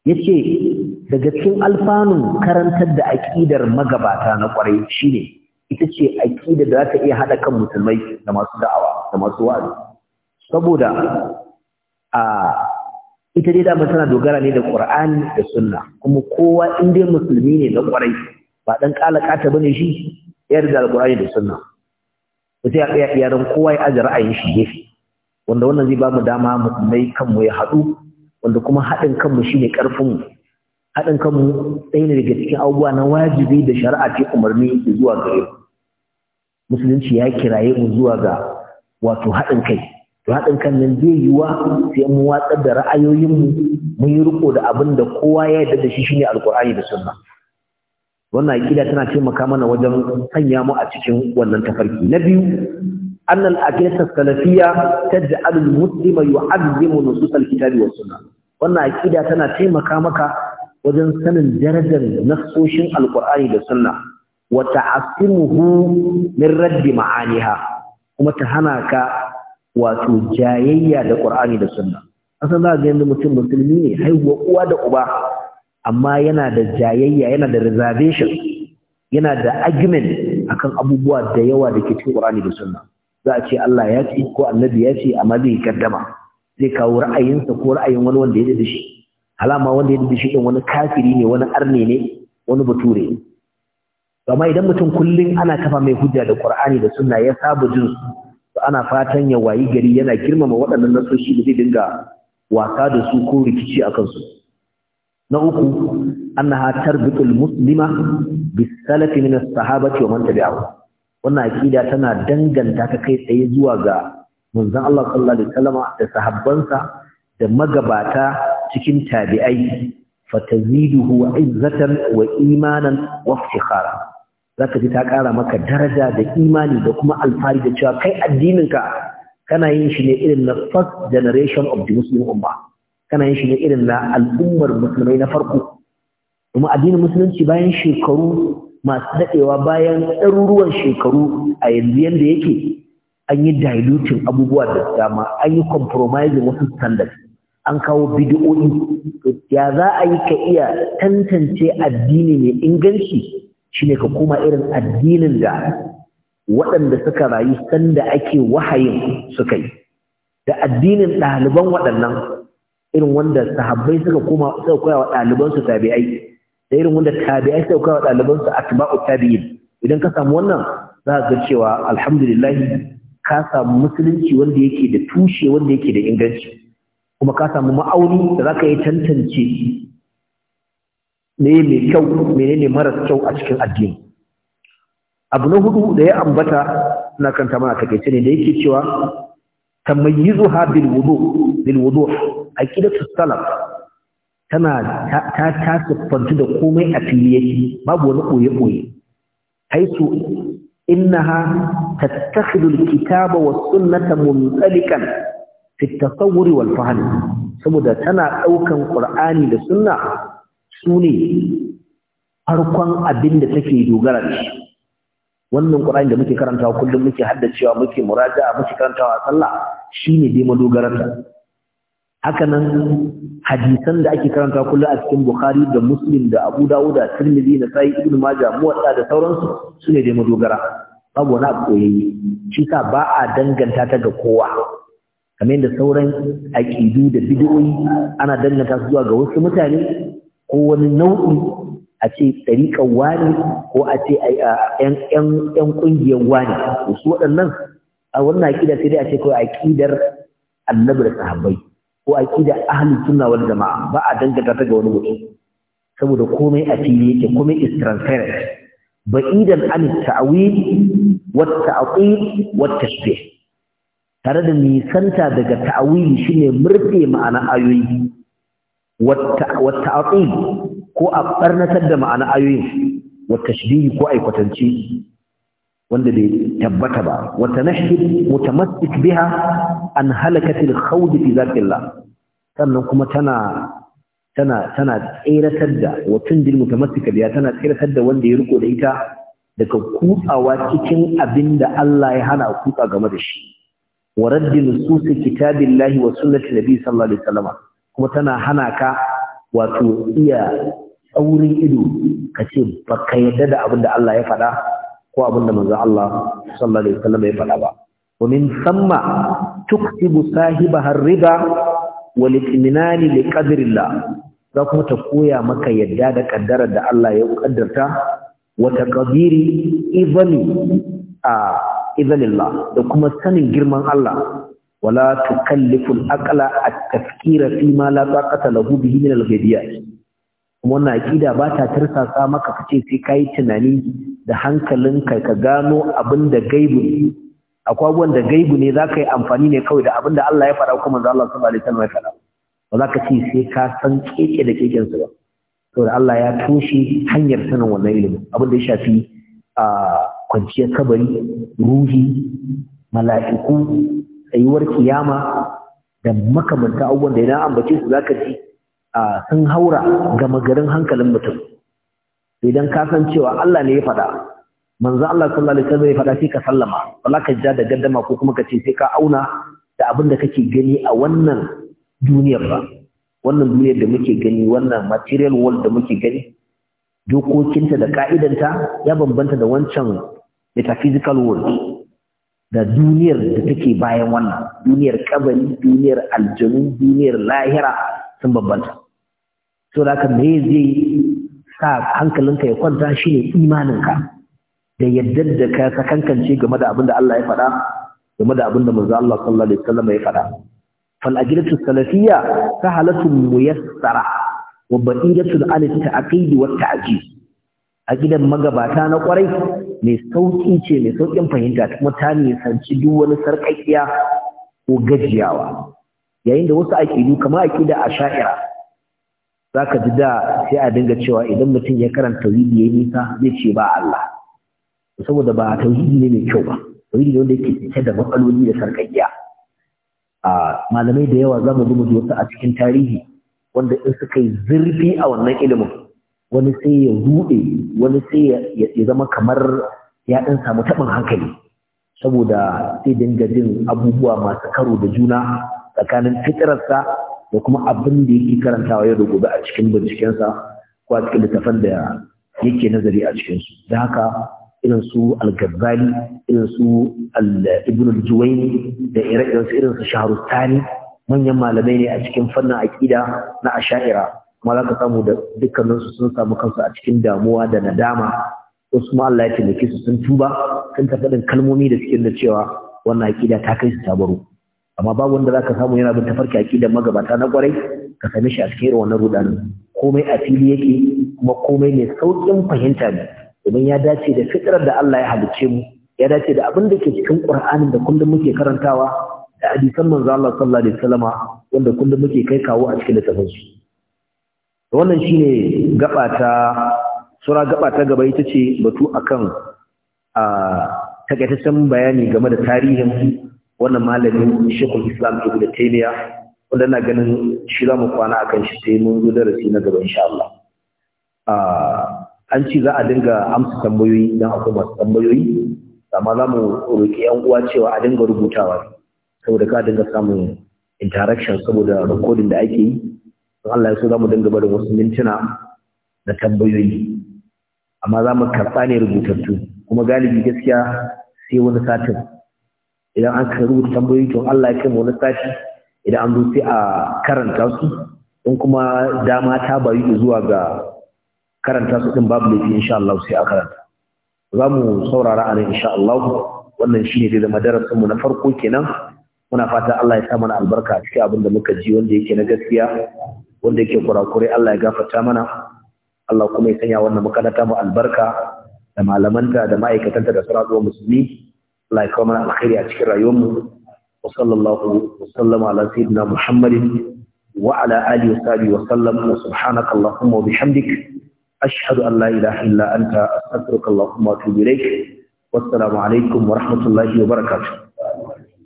S1: yace daga cikin alfanun karantar da aƙidar magabata na ƙwarai shine ita ce aƙida da za ta iya haɗa kan musulmai da masu da'awa da masu wa'azi saboda a ita dai dama tana dogara ne da ƙur'ani da sunna kuma kowa in dai musulmi ne na ƙwarai ba ɗan ƙalaƙata ba ne shi yar da alƙur'ani da sunna ba sai a tsaya iyaran kowa ya aje ra'ayin shi gefe wanda wannan zai ba mu dama musulmai kanmu ya haɗu wanda kuma haɗin kanmu shine ƙarfinmu haɗin kanmu ɗaya ne daga cikin abubuwa na wajibi da shari'a ce umarni zuwa ga yau. musulunci ya kiraye mu zuwa ga wato haɗin kai to haɗin kan nan zai yiwa sai mu watsar da ra'ayoyinmu mu yi riko da abin da kowa ya yarda da shi shine Alƙur'ani da sunna wannan aƙida tana taimaka mana wajen sanya mu a cikin wannan tafarki na biyu annal aqidatu salafiyya taj'alul muslima yu'azzimu nusus alkitabi was suna. wannan aƙida tana taimaka maka wajen sanin darajar nassoshin alkur'ani da sunna wa ta'assimuhu min raddi ma'aniha kuma ta hana ka wato jayayya da qur'ani da sunna asan za ga yanzu mutum musulmi ne haihuwa uwa da uba amma yana da jayayya yana da reservation yana da argument akan abubuwa da yawa da ke cikin qur'ani da sunna za a ce Allah ya ce ko annabi ya ce amma zai kaddama zai kawo ra'ayinsa ko ra'ayin wani wanda ya da shi alama wanda ya dubi shi din wani kafiri ne wani arne ne wani bature ne amma idan mutum kullum ana kafa mai hujja da Qur'ani da Sunna ya saba jin su ana fatan ya wayi gari yana girmama waɗannan nasoshi da zai dinga wasa da su ko rikici a kansu. na uku ha tarbitul muslima bis salaf min as-sahabati wa man tabi'ahu wannan akida tana danganta ta kai tsaye zuwa ga manzon Allah sallallahu alaihi wasallam da sahabbansa da magabata cikin tabi'ai fataziduhu izzatan wa imanan wa iftikhara zaka ji ta ƙara maka daraja da imani da kuma alfari da cewa kai addininka kana yin shi ne irin na first generation of the muslim umma kana yin shi ne irin na al'ummar musulmai na farko kuma addinin musulunci bayan shekaru masu daɗewa bayan ɗaruruwan shekaru a yanzu yanda yake an yi diluting abubuwa da dama an yi compromising wasu standards an kawo bid'o'i ya za a yi ka iya tantance addini mai inganci shine ka koma irin addinin da waɗanda suka rayu sanda ake wahayin suka yi da addinin ɗaliban waɗannan irin wanda sahabbai suka koma suka koya wa ɗalibansu tabi'ai da irin wanda tabi'ai suka koya wa ɗalibansu atba'u tabi'in idan ka samu wannan za ka ga cewa alhamdulillah ka samu musulunci wanda yake da tushe wanda yake da inganci kuma ka samu ma'auni da za ka yi tantance ne mai kyau ne maras kyau a cikin addini abu na hudu da ya ambata na kanta mana takaice ne da yake cewa tamayyizuha bil wudu bil wudu aqidatu salaf tana ta ta siffantu da komai a fili yake babu wani koye koye haisu innaha tattakhidul kitaba was sunnata munqalikan fi tasawuri wal fahmi saboda tana daukan qur'ani da sunna sune harkon abinda take dogara da shi wannan qur'ani da muke karantawa kullum muke haddacewa muke muraja'a muke karantawa sallah shine dai madogararta haka nan hadisan da ake karanta kullum a cikin Bukhari da Muslim da Abu Dawud da Tirmidhi da sai ibnu Majah Muwatta da sauransu sune dai madogara babu wani abu koyayye shi sa ba a danganta ta ga kowa kamar da sauran aƙidu da bidiyoyi ana danganta su zuwa ga wasu mutane ko wani nau'i a ce ɗariƙar wani ko a ce ‘yan ƙungiyar wani su waɗannan a wannan aƙida sai dai a ce kawai aƙidar annabi da sahabbai ko aƙidar ahalin sunna wani jama'a ba a danganta ta ga wani mutum saboda komai a fili yake komai is transparent ba'idan an ta'awil wata ta'qil wata tashbih tare da nisanta daga ta'awili shine murɗe ma'ana ayoyi wata aqil ko a barnatar da ma'ana ayoyin wata shbihi ko aikwatanci wanda bai tabbata ba wata nahdi mutamassik biha an halakatil khawd fi zatillah sannan kuma tana tana tana tseratar da wutun dil mutamassika biya tana tsiratar da wanda ya riko da ita daga kutsawa cikin abinda Allah ya hana kutsa game da shi wa raddi nususi kitabillahi wa sunnati nabi sallallahu alaihi wasallam kuma tana hana ka wato iya tsaurin ido ka ce ba ka yadda da abin da Allah ya faɗa ko abin da manzon Allah sallallahu alaihi wasallam ya faɗa ba wa min thamma tuktibu sahibaha riba wal itminani li za kuma ta koya maka yadda da kaddarar da Allah ya kaddarta wata kabiri ibani a izalillah da kuma sanin girman Allah wala tukallifu al-aqla at-tafkira fi ma la taqata lahu bihi min al-ghadiyat kuma wannan aqida ba ta tarsasa maka kace sai kai tunani da hankalinka ka gano abin da gaibu akwai abubuwan da gaibu ne za ka yi amfani ne kawai da abin Allah ya fara kuma manzo Allah sallallahu alaihi wasallam ya faɗa ba ka ce sai ka san keke da keken sa ba saboda Allah ya toshe hanyar sanin wannan ilimi abin da ya shafi a ah, kwanciyar kabari ruhi mala'iku tsayuwar kiyama da makamanta abubuwan da idan ambace su zaka ji a sun haura gama garin hankalin mutum idan ka san cewa Allah ne ya faɗa manzo Allah sallallahu alaihi wasallam ya faɗa sai ka sallama wala ka ja da gaddama ko kuma ka ce sai ka auna da abin da kake gani a wannan duniyar ba wannan duniyar da muke gani wannan material world da muke gani dokokinta da ka'idanta ya bambanta da wancan metaphysical world da duniyar da take bayan wannan duniyar kabari duniyar aljanu duniyar lahira sun bambanta so da kan me zai sa hankalinka ya kwanta shi ne imaninka da yadda da ka sakankance game da abin da Allah ya faɗa game da abin da manzo Allah sallallahu alaihi wasallam ya faɗa fal ajlatu salafiyya sahalatu muyassara wa ba'idatu al at-ta'qid wa tajiz A gidan magabata na kwarai mai sauƙi ce mai sauƙin fahimta kuma ta nisanci duk wani sarƙaƙiya ko gajiyawa yayin da wasu aƙidu kamar aƙida a za ka ji da sai a dinga cewa idan mutum ya karanta tauhidi ya nisa zai ce ba Allah saboda ba tauhidi ne mai kyau ba tauhidi ne wanda yake cike da matsaloli da sarƙaƙiya a malamai da yawa za mu ji wasu a cikin tarihi wanda in suka yi zurfi a wannan ilimin wani sai ya rude wani sai ya zama kamar ya ɗan samu taɓin hankali saboda sai dinga jin abubuwa masu karo da juna tsakanin fitararsa da kuma abin da yake karantawa yau da gobe a cikin bincikensa ko a cikin littafan da yake nazari a cikinsu da haka irin su al irin su ibn al da ire irin su shahrustani manyan malamai ne a cikin fannin aƙida na asha'ira kuma za ka samu da dukkaninsu sun samu kansu a cikin damuwa da nadama wasu ma Allah ya taimake su sun tuba sun tafi da kalmomi da suke da cewa wannan aƙida ta kai su tabaru amma babu wanda za ka samu yana bin tafarki magabata na kwarai ka same shi a cikin irin wannan rudanin komai a fili yake kuma komai mai saukin fahimta ne domin ya dace da fitrar da Allah ya halicce mu ya dace da abin da ke cikin Qur'anin da kullum muke karantawa da hadisan manzo Allah sallallahu alaihi wasallama wanda kullum muke kai kawo a cikin littafin su wannan shi gaba ta sura gaba ta gaba ita ce batu akan a takaitaccen bayani game da tarihin wannan malamin shekul Islam da taimiya. wanda na ganin shi za mu kwana a kan shi sai mun zo darasi na gaba insha Allah an ci za a dinga amsa tambayoyi don akwai masu tambayoyi amma za mu roƙi yan uwa cewa a dinga rubutawa saboda ka dinga samun interaction saboda recording da ake yi Allah ya so zamu mu dinga barin wasu mintuna da tambayoyi amma za mu karɓa ne rubutattu kuma galibi gaskiya sai wani satin idan an ka rubuta tambayoyi to Allah ya kai wani sati idan an zo a karanta su in kuma dama ta bayu zuwa ga karanta su din babu laifi insha Allah sai a karanta za saurara a nan insha Allah wannan shine da da darasin mu na farko kenan muna fata Allah ya sa mana albarka cikin abin da muka ji wanda yake na gaskiya wanda yake kurakure Allah ya gafarta mana Allah kuma ya sanya wannan makaranta mu albarka da malamanta da ma'aikatanta da sarazuwar musulmi Allah ya kawo mana alkhairi a cikin rayuwar mu wa sallallahu wa sallama ala sayyidina Muhammadin wa ala alihi wa sahbihi wa sallam wa subhanaka allahumma wa bihamdik ashhadu an la ilaha illa anta astaghfiruka allahumma wa atubu ilaik wassalamu alaikum wa rahmatullahi wa barakatuh